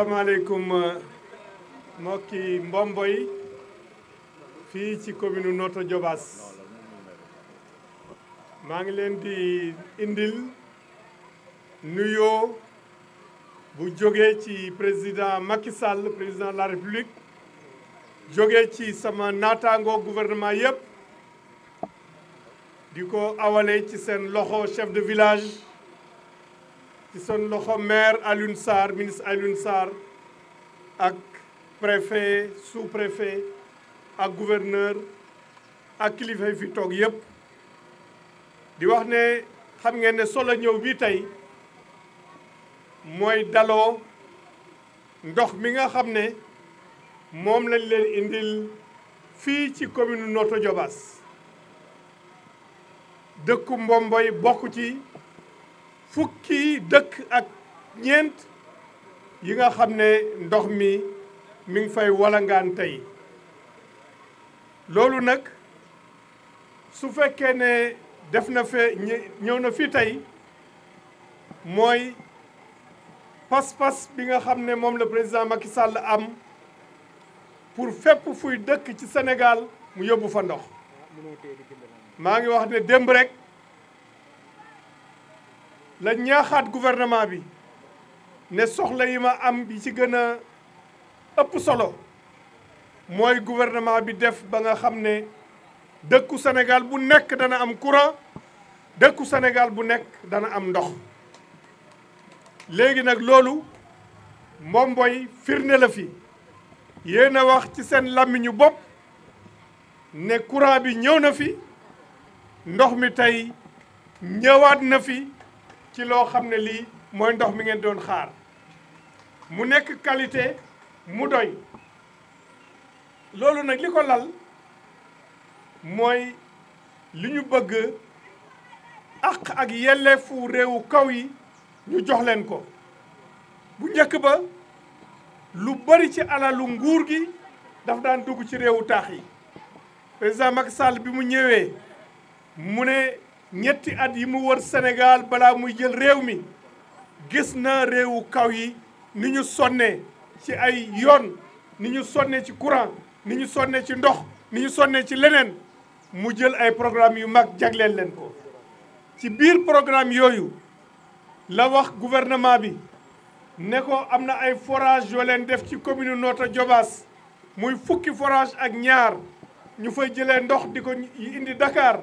asalaamaaleykum uh, mbokki mbombo yi fii ci commune Notto Diobass maa ngi leen di indil nuyoo bu jóge ci président Macky Sall président de la République jógee ci sama naataango gouvernement yépp di ko awale ci seen loxo chef de village ci seen loxo maire Alioune Sarr ministre Alioune Sarr ak préfet sous ak gouverneur ak kilifa yi fi toog yépp di wax ne xam ngeen ne solo ñëw bi tey mooy daloo ndox mi nga xam ne moom lañ leen indil fii ci commune nooto jobaas dëkku Mbomboy bokk ci fukki dëkk ak ñeent yi nga xam ne ndox mi mi ngi fay walangaan tey loolu nag su fekkee ne def na fe ñëw na fi tey mooy pas-pas bi nga xam ne moom la président Macky sàll am pour fépp fuy dëkk ci senegal mu yóbbu fa ndox maa ngi wax ne démb rek la ñaaxaat gouvernement bi ne soxla yi ma am bi ci gën a ëpp solo mooy gouvernement bi def ba nga xam ne dëkku senegal bu nekk dana am courant dëkku senegal bu nekk dana am ndox léegi nag loolu Mbomboy firnde la fi yéen a wax ci seen làmmiñu bopp ne courant bi ñëw na fi ndox mi tey ñëwaat na fi ci loo xam ne lii mooy ndox mi ngeen doon xaar mu nekk qualité mu doy loolu nag li ko lal mooy li ñu bëgg àq ak yelleefu réewu kaw yi ñu jox leen ko bu njëkk ba lu bari ci alalu nguur gi daf daan dugg ci réewu taax yi président Macky Sall bi mu ñëwee mu ne ñetti at yi mu wër Sénégal balaa muy jël réew mi gis na réewu kaw yi ni ñu sonne ci ay yoon ni ñu sonnee ci courant ni ñu sonnee ci ndox ni ñu sonne ci leneen mu jël ay programme yu mag jagleel leen ko ci biir programme yooyu la wax gouvernement bi ne ko am na ay forage yoo leen def ci commune Notto Diobass muy fukki forage ak ñaar ñu fay jëlee ndox di ko indi dakaar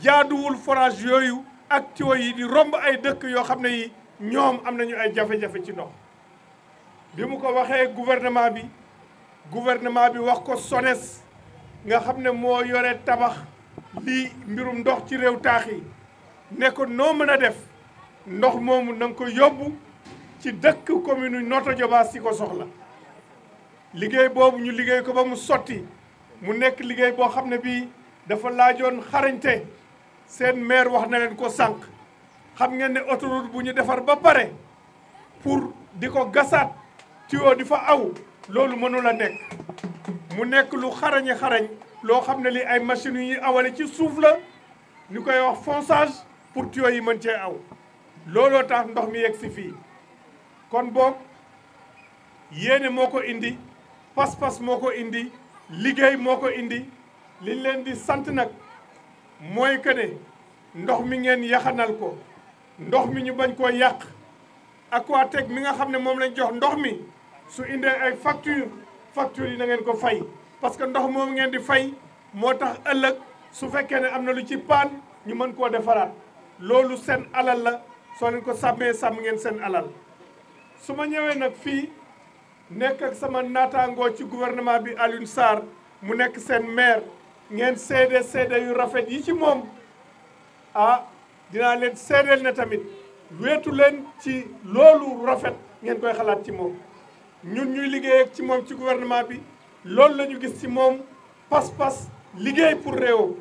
jaaduwul forage yooyu ak tuyaux yi di romb ay dëkk yoo xam ne yi ñoom am nañu ay jafe-jafe ci ndox bi mu ko waxee gouvernement bi gouvernement bi wax ko SONES nga xam ne moo yore tabax lii mbirum ndox ci réew taax yi ne ko noo mën a def ndox moomu na nga ko yóbbu ci dëkk commune Notto Dioba si ko soxla liggéey boobu ñu liggéey ko ba mu sotti mu nekk liggéey boo xam ne bii dafa laajoon xarañte seen maire wax na leen ko sànq xam ngeen ne autoroute bu ñu defar ba pare pour di ko gasaat tuyau di fa aw loolu mënul a nekk mu nekk lu xarañe xarañ loo xam ne li ay machine yu ñuy awale ci suuf la ñu koy wax fonçage pour tuyau yi mën cee aw looloo tax ndox mi yegg si fii kon boog yéene moo ko indi pas-pas moo ko indi liggéey moo ko indi liñ leen di sant nag mooy que ne ndox mi ngeen yaxanal ko ndox mi ñu bañ koo yàq Aquatech mi nga xam ne moom lañ jox ndox mi su indee ay facture facture yi na ngeen ko fay parce que ndox moom ngeen di fay moo tax ëllëg su fekkee ne am na lu ci paan ñu mën koo defaraat loolu seen alal la soo leen ko sàmmee sàmm ngeen seen alal su ma ñëwee nag fii nekk ak sama naataangoo ci gouvernement bi Alioune Sarr mu nekk seen maire ngeen seede seede yu rafet yi ci moom ah dinaa leen seedeel ne tamit weetu leen ci loolu rafet ngeen koy xalaat ci moom ñun ñuy liggéey ci moom ci gouvernement bi loolu la ñu gis ci moom pas-pas liggéey pour réewam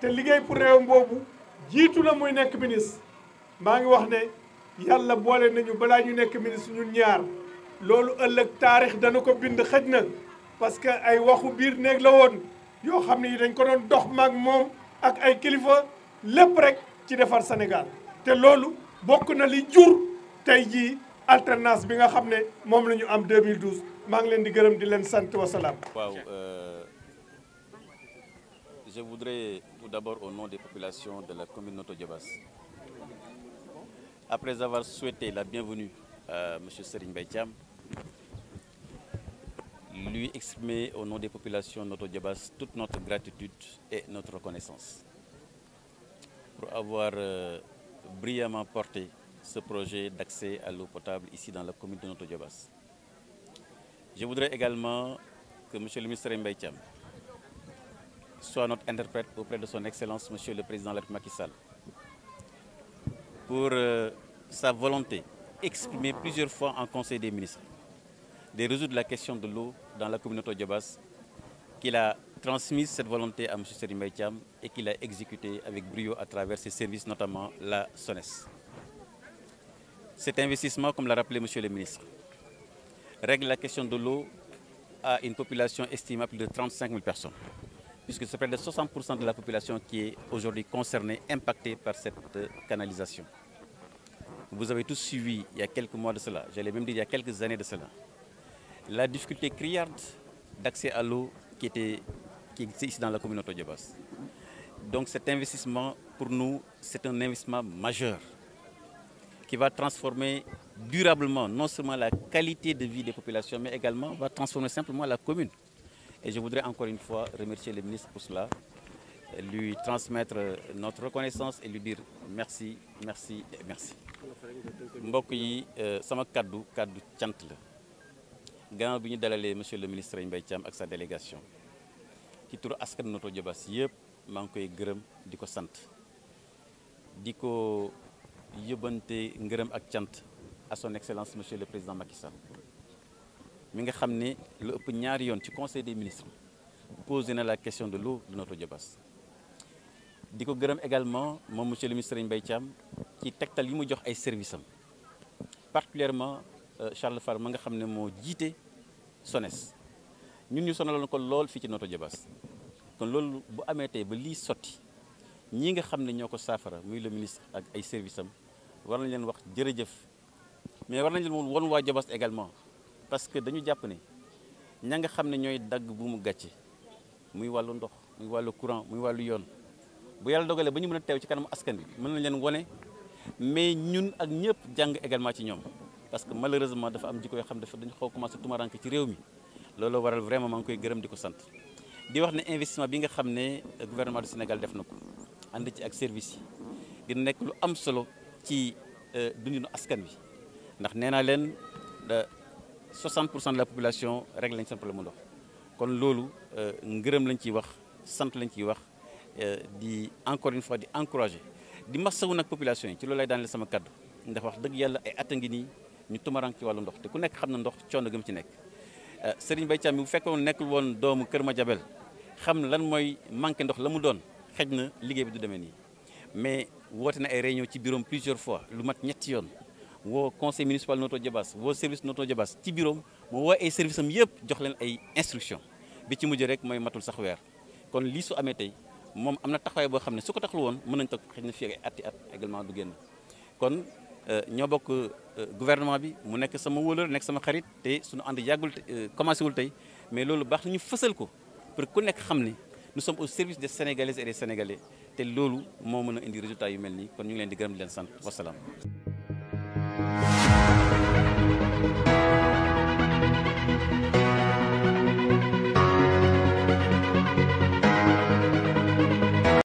te liggéey pour réewam boobu jiitu la muy nekk ministre maa ngi wax ne yàlla boole nañu balaa ñu nekk ministre ñun ñaar loolu ëllëg taarix dana ko bind xëj na parce que ay waxu biir néeg la woon yoo xam ne dañ ko doon dox maag moom ak ay kilifa lépp rek ci defar Sénégal te loolu bokk na li jur tey jii alternance bi nga xam ne moom la ñu am 2012 maa ngi leen di gërëm di leen sant wasalaam. waaw euh, je voudrais tout d'abord au nom des populations de la commune Notto Diobass après avoir souhaité la bienvenue euh, monsieur Serigne Mbaye Thiam lui exprimer au nom des populations notre Diabas toute notre gratitude et notre reconnaissance pour avoir euh, brillamment porté ce projet d'accès à l'eau potable ici dans la commune de Notto Diobass. Je voudrais également que Monsieur le ministre Mbaye Thiam soit notre interprète auprès de son Excellence Monsieur le Président de la République Macky Sall pour euh, sa volonté exprimée plusieurs fois en Conseil des ministres de résoudre la question de l'eau dans la communauté Djabas, qu'il a transmis cette volonté à M. Serim et qu'il a exécuté avec brio à travers ses services, notamment la SONES. Cet investissement, comme l'a rappelé M. le ministre, règle la question de l'eau à une population estimée à plus de 35 000 personnes, puisque c'est près de 60% de la population qui est aujourd'hui concernée, impactée par cette euh, canalisation. Vous avez tous suivi il a la difficulté criarde d'accès à l'eau qui, était, qui existait ici dans la communauté Djabas. Donc cet investissement, pour nous, c'est un investissement majeur qui va transformer durablement non seulement la qualité de vie des populations, mais également va transformer simplement la commune. Et je voudrais encore une fois remercier le ministre pour cela, lui transmettre notre reconnaissance et lui dire merci, merci et merci. mbokk yi euh, sama kaddu kaddu cant la. gannaaw bi ñu dalalee monsieur le ministre Mbaye Thiam ak sa délégation ci turu askan Notto Diobass yëpp maa ngi koy gërëm di ko sant di ko yëbbante ngërëm ak cant à son excellence monsieur le président Macky Sall mi nga xam ne lu ëpp ñaari yoon ci conseil des ministres posé na la question de l'eau de Notto Diobass di ko gërëm également moom monsieur le ministre Mbaye caam ci tegtal yi mu jox ay services am particulièrement Euh, Charles Fall ma nga xam ne moo jiite SONES ñun ñu sonaloon ko lool fii ci Notto Diobass kon loolu bu amee tey ba lii sotti ñii nga xam ne ñoo ko saafara muy le ministre ak ay service am war nañ leen wax jërëjëf mais war nañ leen won waa Diobass également parce que dañu jàpp ne ña nga xam ne dagg bu mu muy wàllu ndox wàllu courant muy wàllu yoon bu yàlla dogalee ba ñu mën a teew ci kanam askan bi mën nañ leen wone mais ñun ak ñëpp jàng également ci ñoom parce que malheureusement dafa am jikko yoo xam ne dafa dañu xaw commencé tumaranke ci réew mi loolu waral vraiment maa koy gërëm di ko sant di wax ne investissement bi nga xam ne euh, gouvernement du Sénégal def na ko ànd ci ak service yi dina nekk lu am solo ci euh, dundinu askan wi ndax nee naa leen da 60 pour cent population rek lañ seen problème kon loolu euh, ngërëm lañ ciy wax sant lañ ciy wax di encore une fois di encourager di masawu population yi ci loolu lay daaneel sama kaddu ay at ngi nii ñu tumarank ci wàllu ndox te ku nekk xam na ndox coono gëm ci nekk euh, Serigne Mbaye Thiam bu fekkoon nekkul woon doomu Kër Madiabel xam lan mooy manqué ndox la mu doon xëj na liggéey bi du demee nii mais woote na ay réunion ci bureau plusieurs fois lu mat ñetti yoon woo conseil municipal Notto Diobass woo service Notto Diobass ci bureau mu woo ay service am yëpp jox leen ay instruction bi ci mujj rek mooy matul sax weer kon lii su amee tey moom am na taxawaay boo xam ne su ko taxul woon mën nañ toog xëy na fii at i at également du génn Euh, ñoo bokk euh, gouvernement bi mu nekk sama wóolër nekk sama xarit te suñu ànd yàggul euh, commencé wul tey mais loolu baax na ñu fësal ko pour ku nekk xam ne nous sommes au service des sénégalaises et des sénégalais te loolu moo mën a indi résultat yu mel nii kon ñu ngi leen di gërëm di leen sant wasalaam.